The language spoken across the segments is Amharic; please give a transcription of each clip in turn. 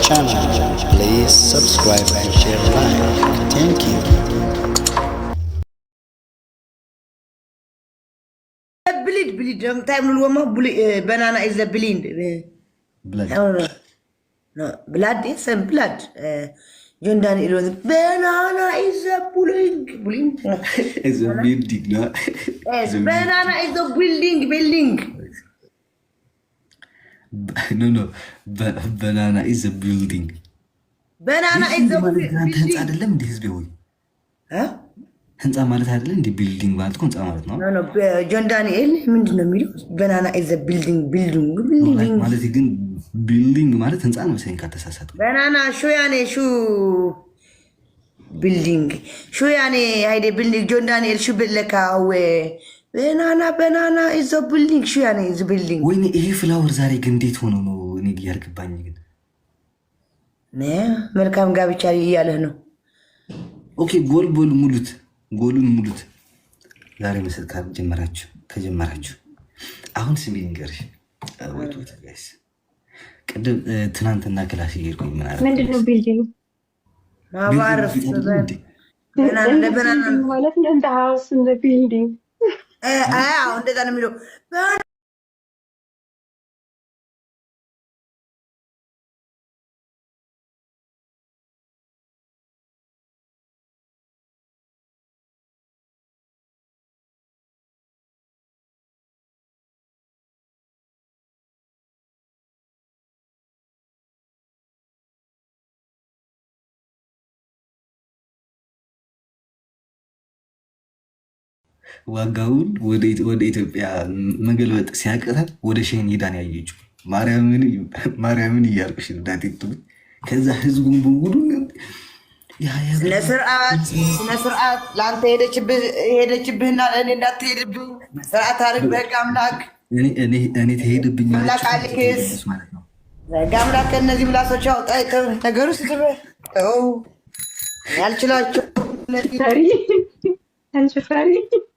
channel. Please subscribe and share like. Thank you. بليد بليد long time no woman eh, banana is a blind eh. blood no blood is a blood uh, John Dan it was banana is a building building It's a building no yes banana is a building building no no banana is a building banana is a building ህንፃ አይደለም እንዴ ህዝቤ ወይ ህንፃ ማለት አይደለም እንዴ ቢልዲንግ ማለት እኮ ህንፃ ማለት ነው ጆን ዳንኤል ምንድን ነው የሚለው በናና ኢዝ ቢልዲንግ ቢልዲንግ ቢልዲንግ ማለት ግን ቢልዲንግ ማለት ህንፃ ነው መሰለኝ ካልተሳሳትኩ በናና ሹ ያኔ ሹ ቢልዲንግ ሹ ያኔ ሃይዴ ቢልዲንግ ጆን ዳንኤል ሹ ብለካው በናና በናና ኢዘ ቢልዲንግ ሹ ያ ኢዝ ቢልዲንግ ወይ ይሄ ፍላወር ዛሬ ግን እንዴት ሆኖ ነው እኔ ያርግባኝ? ግን መልካም ጋብቻ እያለህ ነው። ኦኬ ጎል ጎል ሙሉት፣ ጎሉን ሙሉት። ዛሬ ምስል ከጀመራችሁ ከጀመራችሁ አሁን ስሚ ልንገርሽ። ወይቶት ጋይስ ቅድም ትናንትና ክላስ እየሄድኩኝ ምንድን ነው ቢልዲንግ ማባረፍ ማለት እንደ ሀውስ እንደ ቢልዲንግ እንደዛ ነው የሚለው ዋጋውን ወደ ኢትዮጵያ መገልበጥ ሲያቅታት ወደ ሸኒዳን ያየች ማርያምን እያልኩሽ ዳቴቱ ከዛ ህዝቡን በሙሉ ስነስርዓት ለአንተ ሄደችብህና እኔ እንዳትሄድብኝ ስርዓት አድርግ። በህግ አምላክ እኔ ተሄድብኝ ላቃልክስ ነው። በህግ አምላክ ከእነዚህ ምላሶች አውጣ። ነገሩ ስትበ ያልችላቸው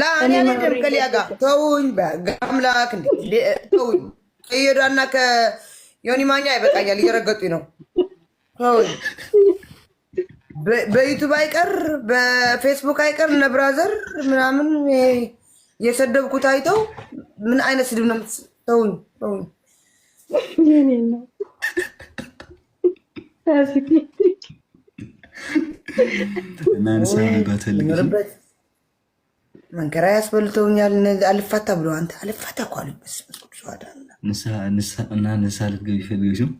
ለአንያለም ከሊያ ጋር ተውኝ፣ በአምላክ ተውኝ። ከየዳና ከዮኒ ማኛ ይበቃኛል፣ እየረገጡኝ ነው። ተውኝ። በዩቱብ አይቀር በፌስቡክ አይቀር እነ ብራዘር ምናምን የሰደብኩት አይተው ምን አይነት ስድብ ነው? ተውኝ፣ ተውኝ። ናንሳ በትልግ መንከራ ያስበልተውኛል አልፋታ ብሎ አንተ አልፋታ እኮ እና ንሳ ልትገቢ ፈልገሽም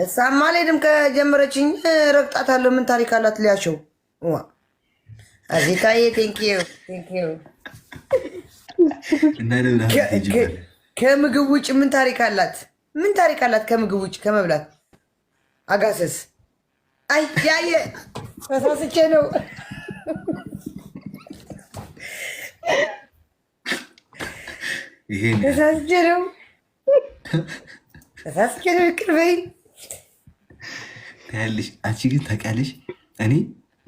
ንሳ አልሄድም ከጀመረችኝ ረግጣታለሁ። ምን ታሪክ አላት? ሊያቸው አዜታዬ ቴንኪዩ ከምግብ ውጭ ምን ታሪክ አላት? ምን ታሪክ አላት? ከምግብ ውጭ ከመብላት አጋሰስ አይ ያየ ተሳስቼ ነው ተሳስቼ ነው ተሳስቼ ይቅር በይኝ ያለሽ አንቺ ግን ታውቂያለሽ። እኔ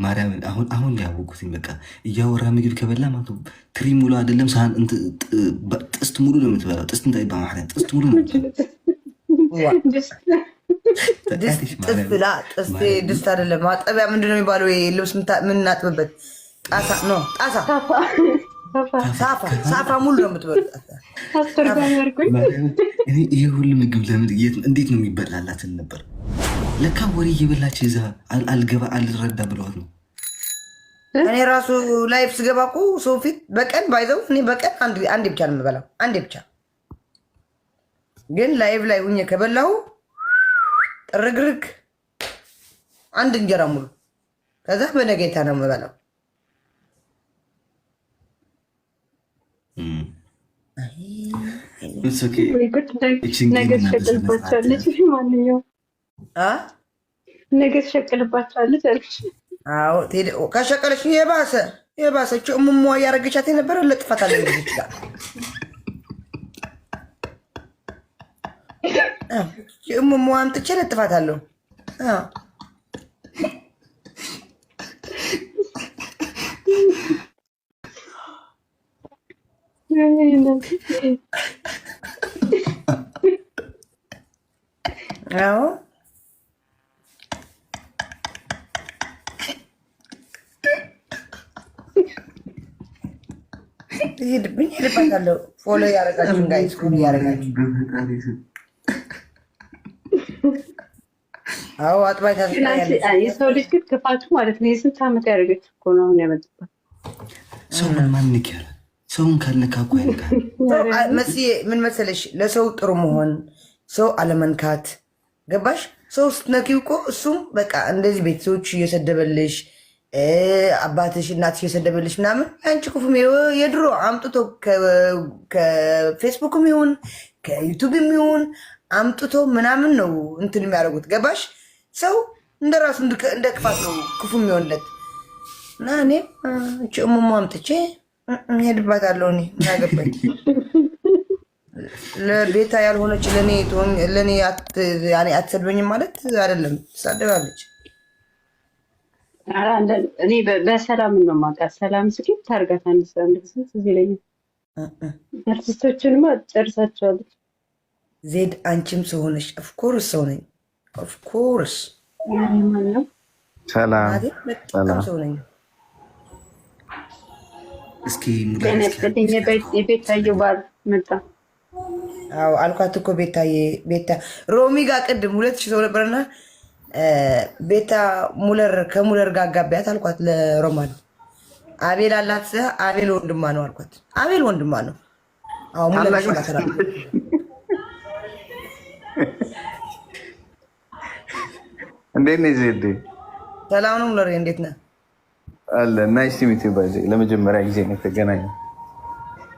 ማርያምን አሁን አሁን ያወቁትኝ በቃ እያወራ ምግብ ከበላ ማለት ትሪ ሙሉ አይደለም ጥስት ሙሉ ነው የምትበላው። ጥስት እንታይ በማርያም ጥስት ሙሉ ነው ድስት አይደለም። ማጠቢያ ምንድን ነው የሚባለው? ልብስ የምናጥብበት ጣሳ ነው ጣሳ ሳፋ ሙሉ ነው የምትበሉት። ይህ ሁሉ ምግብ እንዴት ነው የሚበላላትን ነበር። ለካ ወሬ እየበላች ዛ አልገባ አልረዳ ብለዋት ነው። እኔ ራሱ ላይፍ ስገባ እኮ ሰው ፊት በቀን ባይዘው እኔ በቀን አንዴ ብቻ ነው የምበላው፣ አንዴ ብቻ ግን ላይቭ ላይ ሁኜ ከበላሁ ጥርግርግ አንድ እንጀራ ሙሉ ከዛ በነገይታ ነው የምበላው። ነገ ትሸቅልባቸዋለች። ማንኛውም ከሸቀለች የባሰ የባሰ ሙሟ እያረገቻት የነበረ ለጥፋት አለ ሙሟ አምጥቼ ለጥፋት አዎ ይሄድብኝ ይሄድባታለሁ። ፎሎ አዎ አጥባይ የሰው ልጅ ግን ክፋቱ ማለት ነው። የስንት ዓመት ያደረገች እኮ ነው አሁን ማንክ ያለ ሰውን ካልነካ እኮ ምን መሰለሽ፣ ለሰው ጥሩ መሆን፣ ሰው አለመንካት ገባሽ? ሶስት ነኪው እኮ እሱም በቃ እንደዚህ ቤተሰቦች እየሰደበልሽ አባትሽ እናትሽ እየሰደበልሽ ምናምን አንቺ ክፉም የድሮ አምጥቶ ከፌስቡክም ይሁን ከዩቱብም ይሁን አምጥቶ ምናምን ነው እንትን የሚያደርጉት ገባሽ? ሰው እንደ ራሱ እንደ ክፋት ነው ክፉ የሚሆንለት እና እኔ እቺ አምጥቼ ሄድባታለሁ እኔ ምን አገባኝ። ለቤታ ያልሆነች ለእኔ አትሰድበኝም ማለት አይደለም። ትሳደባለች። እኔ በሰላም ነው የማውቃት። ሰላም ስኬት ታርጋት አንድ አንድ ጊዜ ትዝ ይለኛል። አርቲስቶችንማ ጨርሳቸዋለች። ዜድ አንቺም ሰው ሆነሽ ኦፍኮርስ ሰው ነኝ። ኦፍኮርስ ሰላም በጣም ሰው ነኝ። እስኪ ቤታየው ባል መጣ አዎ አልኳት እኮ ቤታዬ ቤታ ሮሚ ጋር ቅድም ሁለት ሺህ ሰው ነበርና ቤታ ሙለር ከሙለር ጋር አጋቢያት አልኳት። ለሮማን አቤል አላት። አቤል ወንድማ ነው አልኳት። አቤል ወንድማ ነው። አዎ ሙለር እንዴት ነህ ዜድ? ሰላም ነው ሙለር፣ እንዴት ነህ? አለ ናይስ ቱ ሚት ዩ ባይ። ለመጀመሪያ ጊዜ ነው የተገናኘው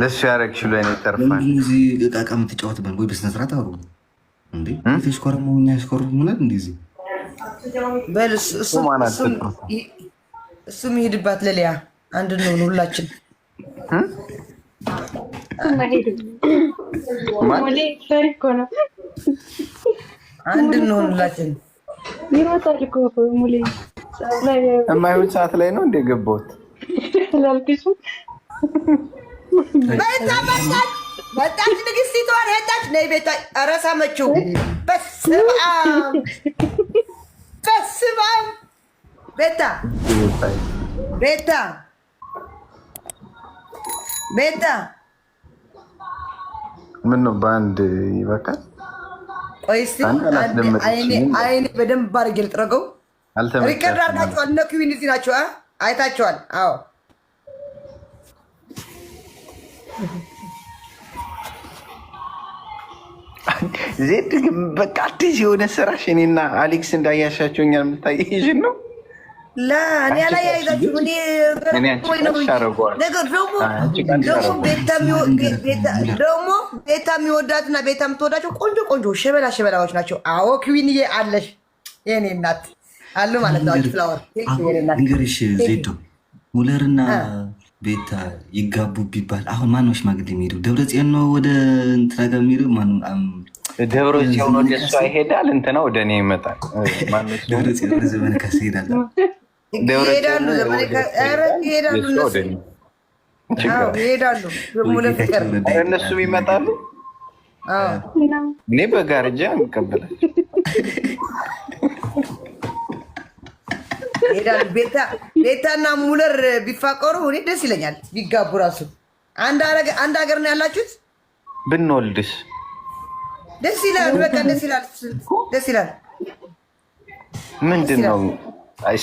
ለሱ ያደረግሽ ላይ ነው ይተርፋል። እዚህ እቃ እቃ የምትጫወትበት ወይ በስነ አሩ አውሩ ስኮር ተሽኮረመው እኛ ያሽኮረሙናል። እንደዚህ በል ለሊያ አንድ ነው ሁላችን አንድ ነው ይሮጣል እኮ ሙሌ የማይሆን ሰዓት ላይ ነው እንደገባት ላልክሱ በዛ መጣች ንግስቲቷን ሄዳች ነይ ቤቷ ረሳመችው። በስማም በስማም ቤታ ቤታ ቤታ ምን ነው በአንድ ይበቃል። ቆይ እስኪ አይኔ በደንብ አድርጌ ልጥረገው። ሪከርድ አድርጋችኋል። እነ ክዊን እዚህ ናቸው። አይታችኋል። አዎ ዜድ ግን በቃ አዲስ የሆነ ስራሽ እኔና አሌክስ እንዳያሻቸው እኛን የምታየሽን ነው። ደግሞ ቤታ የሚወዳት እና ቤታ የምትወዳቸው ቆንጆ ቆንጆ ሸበላ ሸበላዎች ናቸው። አዎ ክዊንዬ አለሽ የኔ እናት አሉ ማለት ነው። ፍላወር ንገሪሽ ዜዶ ሙለርና ቤታ ይጋቡ ቢባል አሁን ማን ማነው ሽማግሌ የሚሄደው? ደብረ ጽዮን ነው ወደ እንትና ጋር የሚሄደው። ደብረ ጽዮን ወደ እሷ ይሄዳል፣ እንትና ወደ እኔ ይመጣል። ደብረ ጽዮን ወደ ዘመነ ካሴ ይሄዳል። እነሱም ይመጣሉ። እኔ በጋርጃ እንቀበላቸው ቤታና ሙለር ቢፋቀሩ እኔ ደስ ይለኛል። ቢጋቡ ራሱ አንድ ሀገር ነው ያላችሁት። ብንወልድስ ደስ ይላል። በቃ ደስ ይላል። ደስ ይላል። ምንድን ነው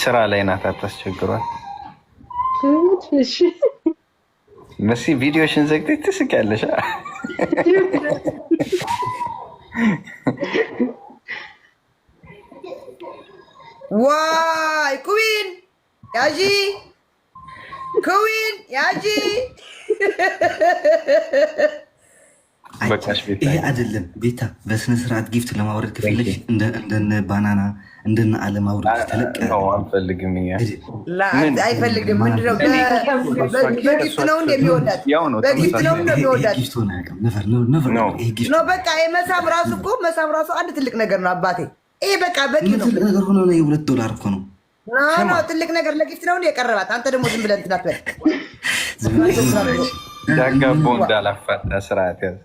ስራ ላይ ናት። አታስቸግሯል። መሲ ቪዲዮሽን ዘግተሽ ትስቂያለሽ። ዋይ ኩዊን ያዢ ኩዊን ያዢ። ይሄ አይደለም ቤታ፣ በስነ ስርዓት ጊፍት ለማውረድ ከፈለሽ እንደነ ባናና እንደነ አለም ተለቀ። አልፈልግም፣ አይፈልግም። ምንድን ነው በጊፍት ነው እንደሚወዳት በጊፍት ነው እንደሚወዳት በቃ። መሳብ ራሱ እኮ መሳብ ራሱ አንድ ትልቅ ነገር ነው አባቴ ይሄ በቃ በቂ ነው። ትልቅ ነገር ሆኖ ነው። የሁለት ዶላር እኮ ነው። ነው ትልቅ ነገር ለጊፍት ነው የቀረባት። አንተ ደግሞ ዝም ብለህ እንትን አትበል። ዳጋቦ እንዳላፋታ ስርዓት ያዝ።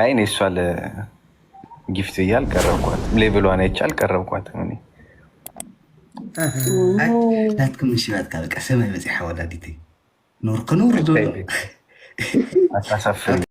አይ እኔ እሷ ለጊፍት ብዬ አልቀረብኳትም። ሌብሏን አይቼ አልቀረብኳትም። እኔ ላትኩም ሽባትካ በቃ ሰማይ በፂሓ ወላዲተይ ኑር ክኑር ዶ አሳሳፍ